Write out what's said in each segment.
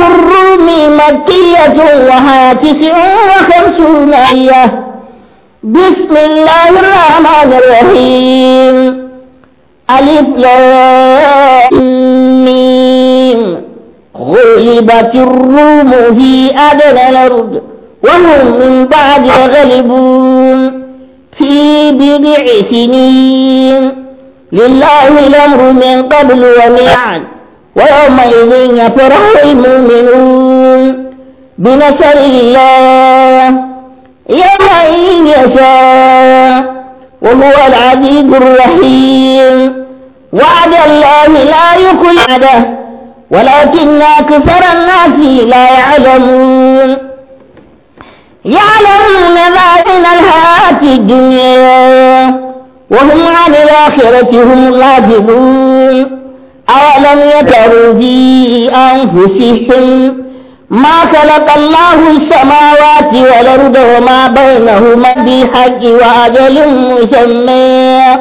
الروم مكية وها تسع وخمسون آية بسم الله الرحمن الرحيم ألف لام غلبت الروم في أدنى الأرض وهم من بعد غلبون في بضع سنين لله الأمر من قبل ومن بعد ويومئذ يفرح المؤمنون بنصر الله يومئذ يشاء وهو العزيز الرحيم وعد الله لا يكل عده ولكن أكثر الناس لا يعلمون يعلمون بين الحياة الدنيا وهم عن الآخرة هم غافلون أولم يتروا في أنفسهم ما خلق الله السماوات والأرض وما بينهما بحق وأجل مسمى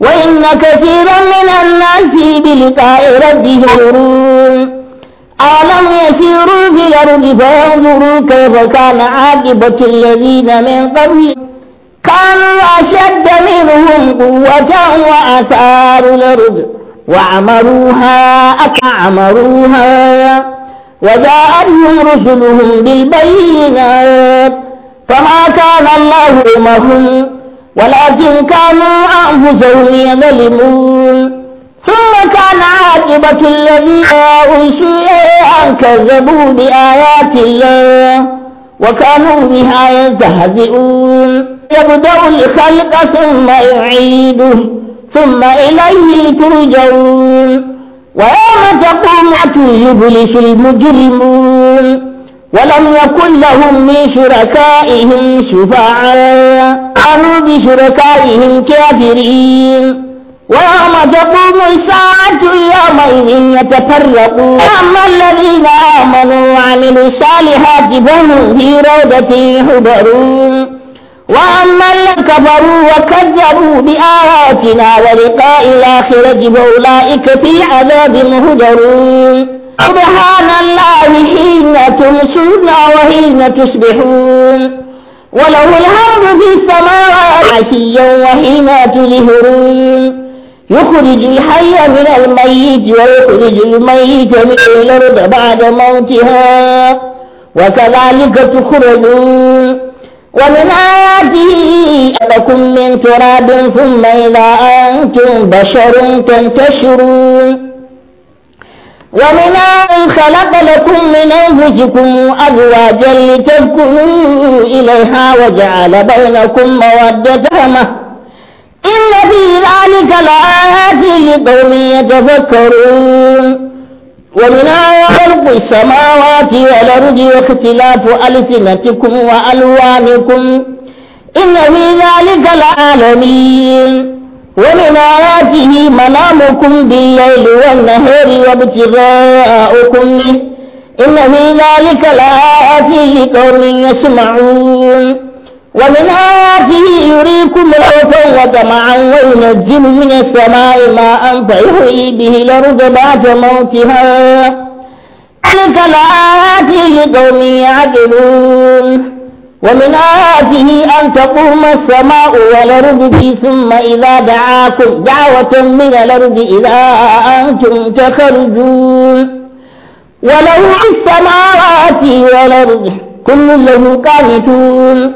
وإن كثيرا من الناس بلقاء ربهم يرون أولم يسيروا في الأرض فينظروا كيف كان عاقبة الذين من قبلهم كانوا أشد منهم قوة وأثاروا الأرض وعمروها أكعمروها وجاءتهم رسلهم بالبينات فما كان الله معهم ولكن كانوا أنفسهم يظلمون ثم كان عاقبة الذين أنسوا أن كذبوا بآيات الله وكانوا بها يتهزئون يبدأ الخلق ثم يعيده ثم إليه ترجعون ويوم تقوم يبلس المجرمون ولم يكن لهم من شركائهم شفعاء كانوا بشركائهم كافرين ويوم تقوم الساعة يومئذ يتفرقون أما الذين آمنوا وعملوا الصالحات فهم في روضة يحبرون واما الذين كفروا وكذبوا بآياتنا ولقاء الآخرة فأولئك في عذاب مهجرون سبحان الله حين تمسون وحين تصبحون وله الحمد في السماوات عشيا وحين تظهرون يخرج الحي من الميت ويخرج الميت من الأرض بعد موتها وكذلك تخرجون ومن آياته لكم من تراب ثم إذا أنتم بشر تنتشرون ومن خلق لكم من أنفسكم أزواجا لتذكروا إليها وجعل بينكم مودة إن في ذلك لآيات لقوم يتفكرون ومن آياته خلق السماوات والأرض واختلاف ألسنتكم وألوانكم إن في ذلك العالمين ومن آياته منامكم بالليل والنهار وابتغاءكم إن في ذلك لآيات لقوم يسمعون ومن آياته يريكم خوفا وجمعا وينزل من السماء ماء فيحيي به الأرض بعد موتها ذلك الآيات لقوم يعدلون ومن آياته أن تقوم السماء والأرض ثم إذا دعاكم دعوة من الأرض إذا أنتم تخرجون وله السماوات والأرض كل له قانتون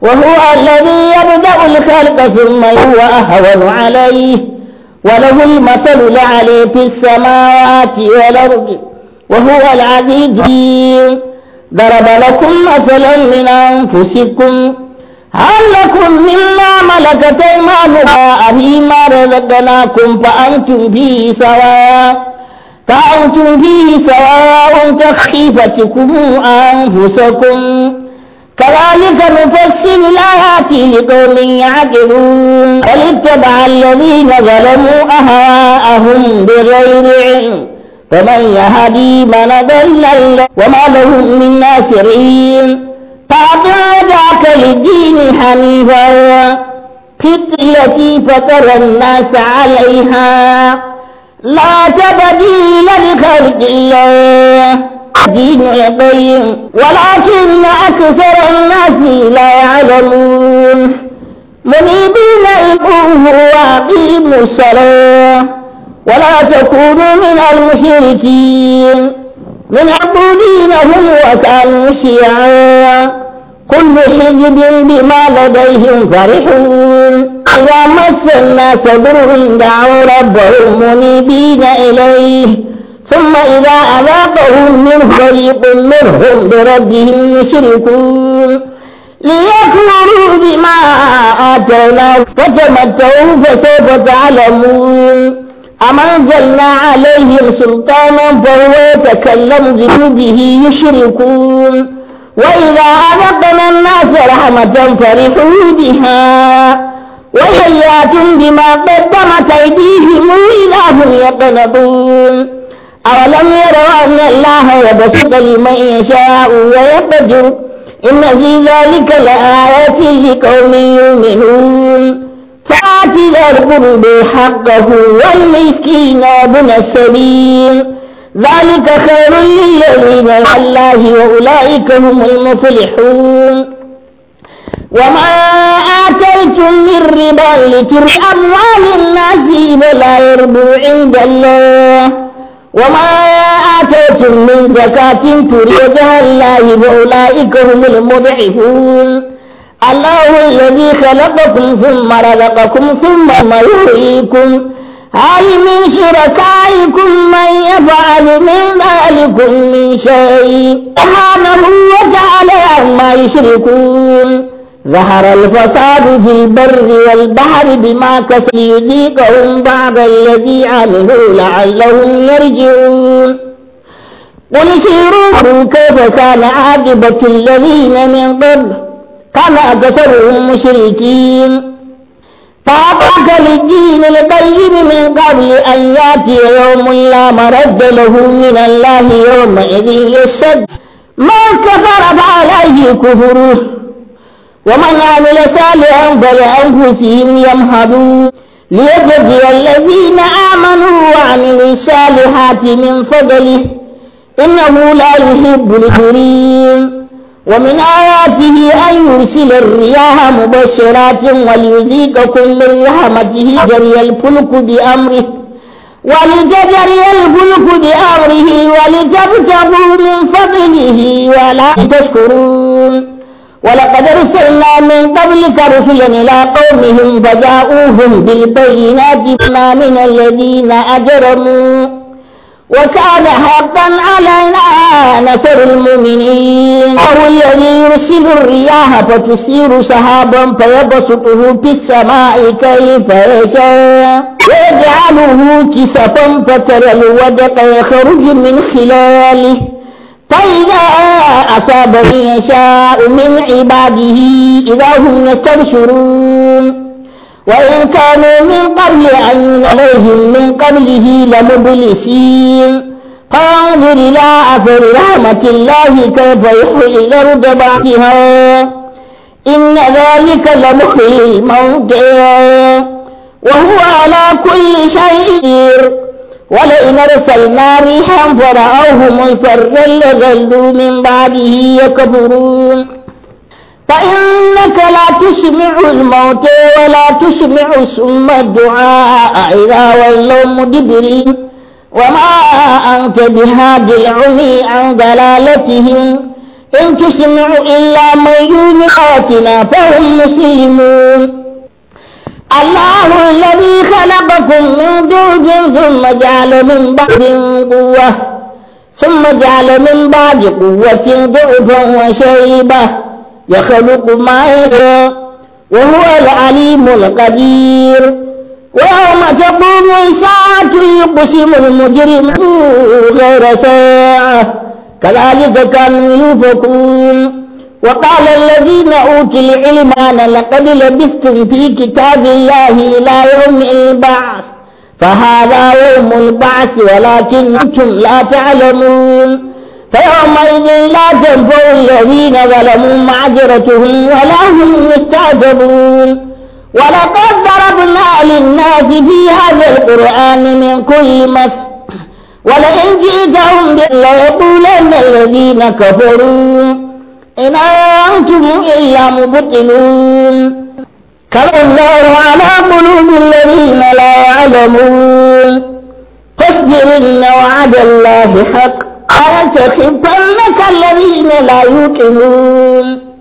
وهو الذي يبدأ الخلق ثم هو أهون عليه وله المثل لعلي في السماوات والأرض وهو العزيز الحكيم ضرب لكم مثلا من أنفسكم هل لكم مما ملكت أيمانكم ما رزقناكم فأنتم فيه سواء فأنتم فيه سواء كخيفتكم أنفسكم كذلك نفسر الآيات لقوم يعقلون ولاتبع اتبع الذين ظلموا أهواءهم بغير علم ومن يهدي من ضل وما لهم من ناصرين فأطع ذاك للدين حنيفا كت التي فطر الناس عليها لا تبديل لخلق الله دين القيم ولكن أكثر الناس لا يعلمون منيبين إليه وأقيموا الصلاة ولا تكونوا من المشركين من عبودينهم وكانوا شيعا كل حزب بما لديهم فرحون إذا مس الناس ضر دعوا ربهم منيبين إليه ثم إذا أذاقهم من فريق منهم بربهم يشركون ليكفروا بما آتيناهم فتمتعوا فسوف تعلمون أما أنزلنا عليهم سلطانا فهو يتكلم بذنوبه يشركون وإذا أذقنا الناس رحمة فرحوا بها وشيات بما قدمت أيديهم إذا هم يقنطون أولم يروا أن الله يبسط لمن يشاء ويقدر إن في ذلك لآيات لقوم يؤمنون القرب حقه والمسكين ابن السبيل ذلك خير للذين مع الله وأولئك هم المفلحون وما آتيتم من ربا لترك أموال الناس ولا يربو عند الله وما آتيتم من زكاة تريدها الله واولئك هم المضعفون الله الذي خلقكم ثم رزقكم ثم يحييكم هل من شركائكم من يفعل من ذلكم من شيء سبحانه وتعالى عما يشركون ظهر الفساد في البر والبحر بما كسب ليذيقهم بعض الذي عملوا لعلهم يرجعون قل سيروا كيف كان عاقبة الذين من قبل كان أكثرهم مشركين فأتاك للدين القيم من قبل أن يأتي يوم لا مرد له من الله يومئذ يشد من كفر فعليه كفره ومن عمل صالحا فلأنفسهم يمهدون ليجزي الذين آمنوا وعملوا الصالحات من فضله إنه لا يحب الكريم ومن آياته أن يرسل الرياح مبشرات وليذيقكم من رحمته جري الفلك بأمره ولتجري الفلك بأمره ولتبتغوا من فضله ولا تشكرون ولقد ارسلنا من قبلك رسلا إلى قومهم فجاءوهم بالبينات ما من الذين أجرموا وكان حقا علينا نصر المؤمنين هو الذي يرسل الرياح فتثير سحابا فيبسطه في السماء كيف يشاء ويجعله كسفا فترى الودق يخرج من خلاله فإذا أصاب من يشاء من عباده إذا هم يستبشرون وإن كانوا من قبل أن عليهم من قبله لمبلسين فانظر إلى أثر رحمة الله كيف يحيي الأرض بعدها إن ذلك لمحيي الموتى وهو على كل شيء قدير ولئن أرسلنا ريحا فرأوه مفرا لظلوا من بعده يكفرون فإنك لا تسمع الموت ولا تسمع ثم الدعاء إذا ولوا مدبرين وما أنت بهاد العمي عن ضلالتهم إن تسمع إلا من يومئاتنا فهم مسلمون الله الذي خلقكم من زوج ثم جعل من بعد قوة ثم جعل من بعد قوة ضعفا وشيبة يخلق ما يشاء وهو العليم القدير ويوم تقوم الساعة يقسم المجرم غير ساعة كذلك كانوا يوفكون وقال الذين أوتوا العلم أنا لقد لبثتم في كتاب الله إلى يوم البعث فهذا يوم البعث ولكنكم لا تعلمون فيومئذ لا تنفع الذين ظلموا معذرتهم ولا هم يستعجبون ولقد ضربنا للناس في هذا القرآن من كل مثل ولئن جئتهم ليقولن الذين كفروا إن أنتم إلا مبطلون كما الله على قلوب الذين لا يعلمون فاصبر إن وعد الله حق أيستحبنك الذين لا يوقنون